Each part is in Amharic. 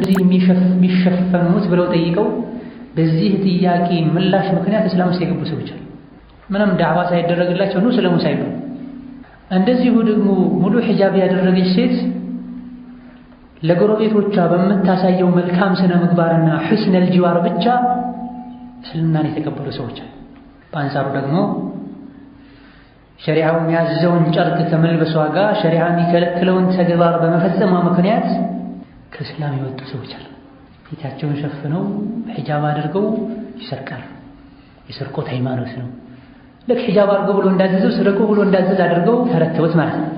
እዚህ የሚሸፈኑት ብለው ጠይቀው በዚህ ጥያቄ ምላሽ ምክንያት እስላም ውስጥ የገቡ ሰዎች አሉ። ምንም ዳዕዋ ሳይደረግላቸው ነው ስለሙ ሳይሉ። እንደዚሁ ደግሞ ሙሉ ሒጃብ ያደረገች ሴት ለጎረቤቶቿ በምታሳየው መልካም ስነ ምግባርና ሑስነል ጅዋር ብቻ እስልምናን የተቀበሉ ሰዎች አሉ። በአንጻሩ ደግሞ ሸሪዓው የሚያዘውን ጨርቅ ከመልበሷ ጋር ሸሪዓ የሚከለክለውን ተግባር በመፈጸሟ ምክንያት ከእስላም የወጡ ሰዎች አሉ። ፊታቸውን ሸፍነው ሒጃብ አድርገው ይሰርቃሉ። የስርቆት ሃይማኖት ነው። ልክ ሒጃብ አድርገው ብሎ እንዳዘዘው ስርቁ ብሎ እንዳዘዝ አድርገው ተረተቡት ማለት ነው።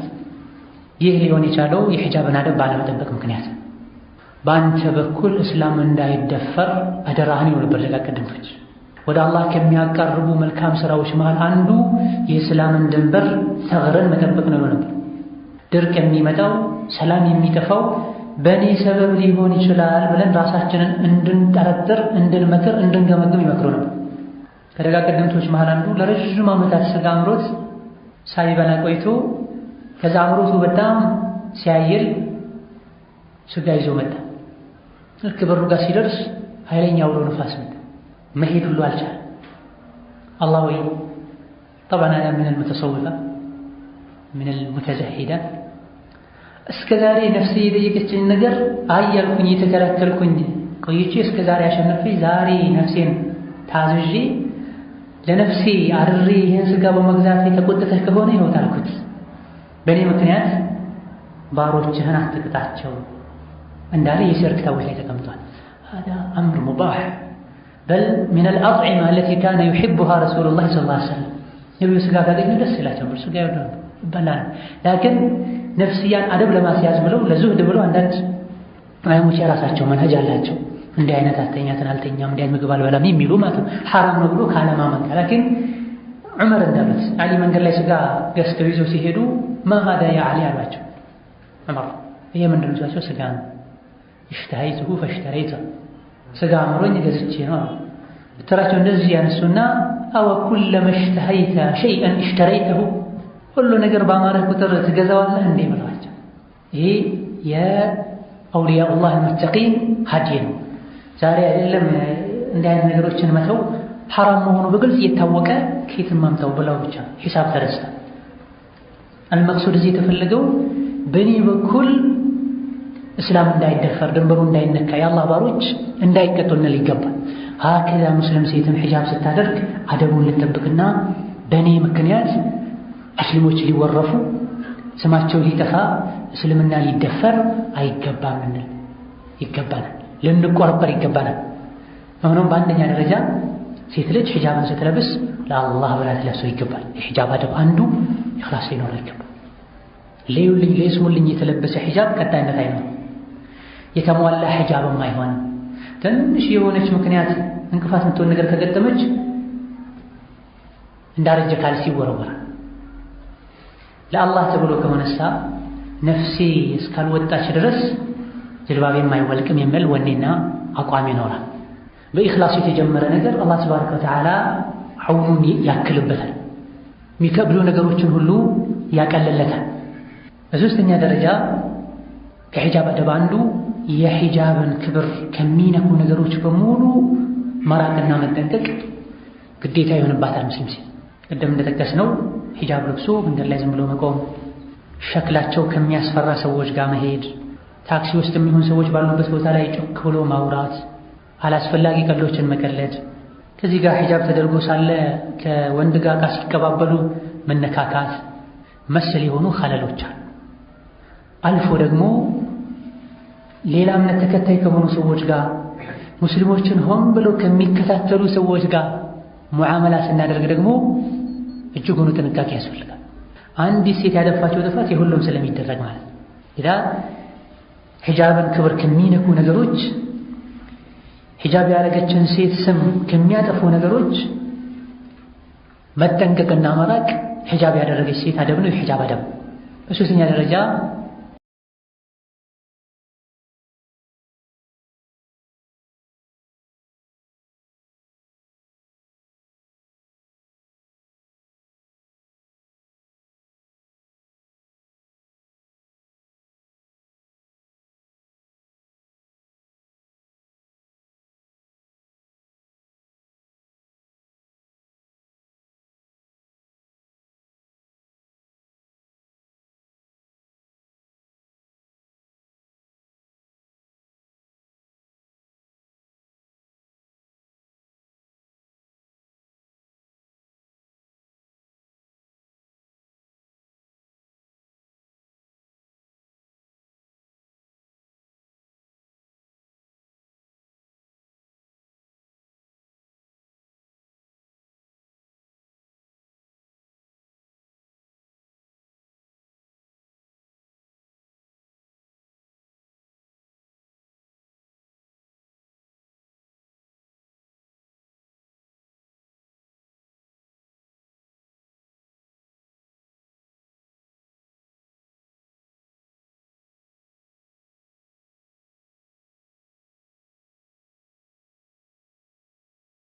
ይህ ሊሆን የቻለው የሒጃብን አደብ ባለመጠበቅ ምክንያት በአንተ በኩል እስላም እንዳይደፈር አደራህን ይሉ ነበር ቀደምቶች። ወደ አላህ ከሚያቀርቡ መልካም ስራዎች መሃል አንዱ የእስላምን ድንበር ሰግረን መጠበቅ ነው ነበር። ድርቅ የሚመጣው ሰላም የሚጠፋው በእኔ ሰበብ ሊሆን ይችላል ብለን ራሳችንን እንድንጠረጥር፣ እንድንመክር፣ እንድንገመግም ይመክሩ ነው። ከደጋ ቀደምቶች መሃል አንዱ ለረዥም ዓመታት ስጋ አምሮት ሳይበላ ቆይቶ ከዛ አምሮቱ በጣም ሲያይል ስጋ ይዞ መጣ። ልክ በሩ ጋር ሲደርስ ኃይለኛ አውሎ ነፋስ መጣ። መሄድ ሁሉ አልቻለም። አላህ ወይ ጠብዓን አና ሚነል ሙተሰውፋ ሚነል እስከ ዛሬ ነፍሴ የጠየቀችኝ ነገር አይ ያልኩኝ የተከራከልኩኝ ቆይቼ እስከ ዛሬ አሸነፌ ዛሬ ነፍሴን ታዝዤ ለነፍሴ አድሬ ይህን ስጋ በመግዛት የተቆጠተህ ከሆነ ይኸው ታልኩት። በእኔ ምክንያት ባሮችህን አትቅጣቸው እንዳለ የሸር ክታቦች ላይ ተቀምጧል። ሀዳ አምር ሙባሕ በል ሚነል አጥዒማ አለቲ ካነ ዩሕቡሃ ረሱሉላህ ሰለላሁ ዐለይሂ ወሰለም ነቢዩ ስጋ ካገኙ ደስ ይላቸው ስጋ ይወዳሉ። ይባላል። ላኪን ነፍስያን አደብ ለማስያዝ ብለው ለዙህድ ብለው አንዳንድ ዑለሞች የራሳቸው መንሀጅ አላቸው። እንዲህ አይነት አተኛትን አልተኛም፣ እንዲህ ምግብ አልበላም የሚሉ ማለት ሐራም ነው ብሎ ካለማመን ላኪን ዑመር እንዳሉት አሊ መንገድ ላይ ስጋ ገዝተው ይዘው ሲሄዱ ማሃዳ ያ አሊ አሏቸው። ዑመር ይሄ ምንድን ነው? ስጋ ነው። እሽተሃይትሁ ፈሽተረይተ ስጋ አምሮኝ ገዝቼ ነው። ብትራቸው እንደዚህ ያነሱና አወ ኩለመ ሸይአን እሽተረይተሁ ሁሉ ነገር ባማረህ ቁጥር ትገዛዋለህ እንዴ ብሏቸው። ይህ የአውሊያኡላህ ሙተቂን ሀዲ ነው። ዛሬ አይደለም እንዲህ አይነት ነገሮችን መተው ሐራም መሆኑ በግልጽ እየታወቀ ከየትም መምተው ብለው ብቻ ሂሳብ ተረስተ አልመቅሱድ እዚህ የተፈለገው በእኔ በኩል እስላም እንዳይደፈር ድንበሩ እንዳይነካ የአላህ ባሮች እንዳይቀጡ ይገባል። ሀከዛ ሙስሊም ሴትም ሒጃብ ስታደርግ አደቡን ልጠብቅና በእኔ ምክንያት እስልሞች ሊወረፉ ስማቸው ሊጠፋ እስልምና ሊደፈር አይገባም እንል ይገባናል፣ ልንቆረቆር ይገባናል። ሆኖም በአንደኛ ደረጃ ሴት ልጅ ሒጃብን ስትለብስ ለአላህ ብላ ትለብሰው ይገባል። የሒጃብ አደብ አንዱ ኢኽላስ ሊኖር ይገባል። ለዩልኝ ለይስሙልኝ የተለበሰ ሒጃብ ቀጣይነት አይኖርም። የተሟላ ሒጃብም አይሆንም። ትንሽ የሆነች ምክንያት እንቅፋት ምትሆን ነገር ከገጠመች እንዳረጀ ካልሲ ይወረወራል። ለአላህ ተብሎ ከሆነሳ ነፍሴ እስካልወጣች ድረስ ጅልባቤም አይወልቅም የሚል ወኔና አቋም ይኖራል። በኢኽላሱ የተጀመረ ነገር አላህ ተባረከ ወተዓላ ዐውኑን ያክልበታል፣ የሚከብዱ ነገሮችን ሁሉ ያቀልለታል። በሶስተኛ ደረጃ ከሒጃብ አደብ አንዱ የሒጃብን ክብር ከሚነኩ ነገሮች በሙሉ መራቅና መጠንቀቅ ግዴታ ይሆንባታል። ምስሊም ሲል ቅድም እንደጠቀስነው ሂጃብ ለብሶ መንገድ ላይ ዝም ብሎ መቆም፣ ሸክላቸው ከሚያስፈራ ሰዎች ጋር መሄድ፣ ታክሲ ውስጥ የሚሆን ሰዎች ባሉበት ቦታ ላይ ጮክ ብሎ ማውራት፣ አላስፈላጊ ቀልዶችን መቀለድ ከዚህ ጋር ሂጃብ ተደርጎ ሳለ ከወንድ ጋር ዕቃ ሲቀባበሉ መነካካት መሰል የሆኑ ኸለሎች አሉ። አልፎ ደግሞ ሌላ እምነት ተከታይ ከሆኑ ሰዎች ጋር ሙስሊሞችን ሆን ብሎ ከሚከታተሉ ሰዎች ጋር ሙዓመላ ስናደርግ ደግሞ እጅጉን ጥንቃቄ ያስፈልጋል። አንዲት ሴት ያደፋቸው ጥፋት የሁሉም ስለሚደረግ ማለት ነው። ኢዳ ሂጃብን ክብር ከሚነኩ ነገሮች ሂጃብ ያደረገችን ሴት ስም ከሚያጠፉ ነገሮች መጠንቀቅና መራቅ ሂጃብ ያደረገች ሴት አደብ ነው። የሂጃብ አደብ በሶስተኛ ደረጃ